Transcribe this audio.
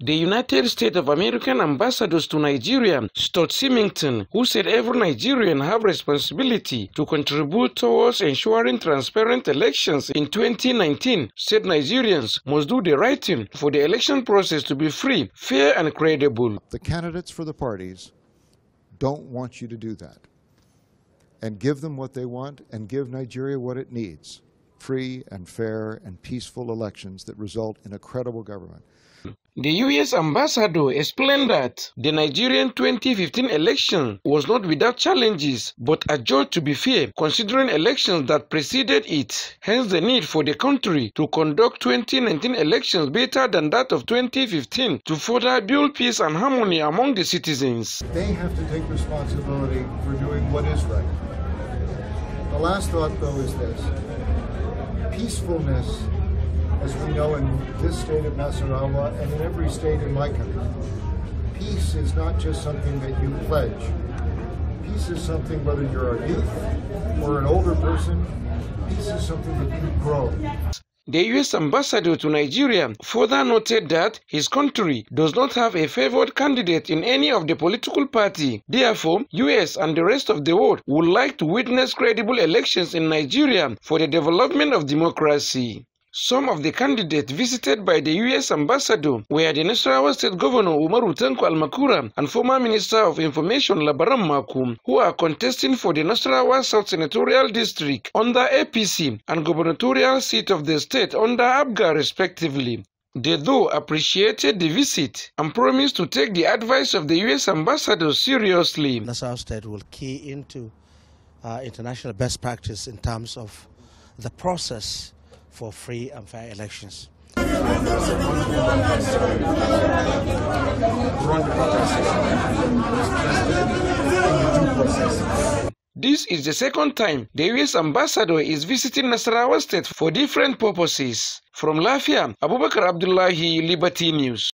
The United States of American ambassadors to Nigeria, Stott Simington, who said every Nigerian have responsibility to contribute towards ensuring transparent elections in 2019, said Nigerians must do the right thing for the election process to be free, fair and credible. The candidates for the parties don't want you to do that. And give them what they want and give Nigeria what it needs. Free and fair and peaceful elections that result in a credible government. The US ambassador explained that the Nigerian 2015 election was not without challenges but joy to be fair considering elections that preceded it. Hence the need for the country to conduct 2019 elections better than that of 2015 to further build peace and harmony among the citizens. They have to take responsibility for doing what is right. The last thought though is this. Peacefulness as we know in this state of Nasarawa and in every state in my country. Peace is not just something that you pledge. Peace is something, whether you're a youth or an older person, peace is something that you grow. The US ambassador to Nigeria further noted that his country does not have a favored candidate in any of the political party. Therefore, US and the rest of the world would like to witness credible elections in Nigeria for the development of democracy. Some of the candidates visited by the U.S. ambassador were the Nasarawa State Governor Umaru Tanko Almakura and former Minister of Information Labaran Makum, who are contesting for the Nasarawa South Senatorial District under APC and gubernatorial seat of the state under ABGA respectively. They though appreciated the visit and promised to take the advice of the U.S. ambassador seriously. Nassau State will key into uh, international best practice in terms of the process for free and fair elections. This is the second time the U.S. ambassador is visiting Nasarawa state for different purposes. From Lafia, Abubakar Abdullahi, Liberty News.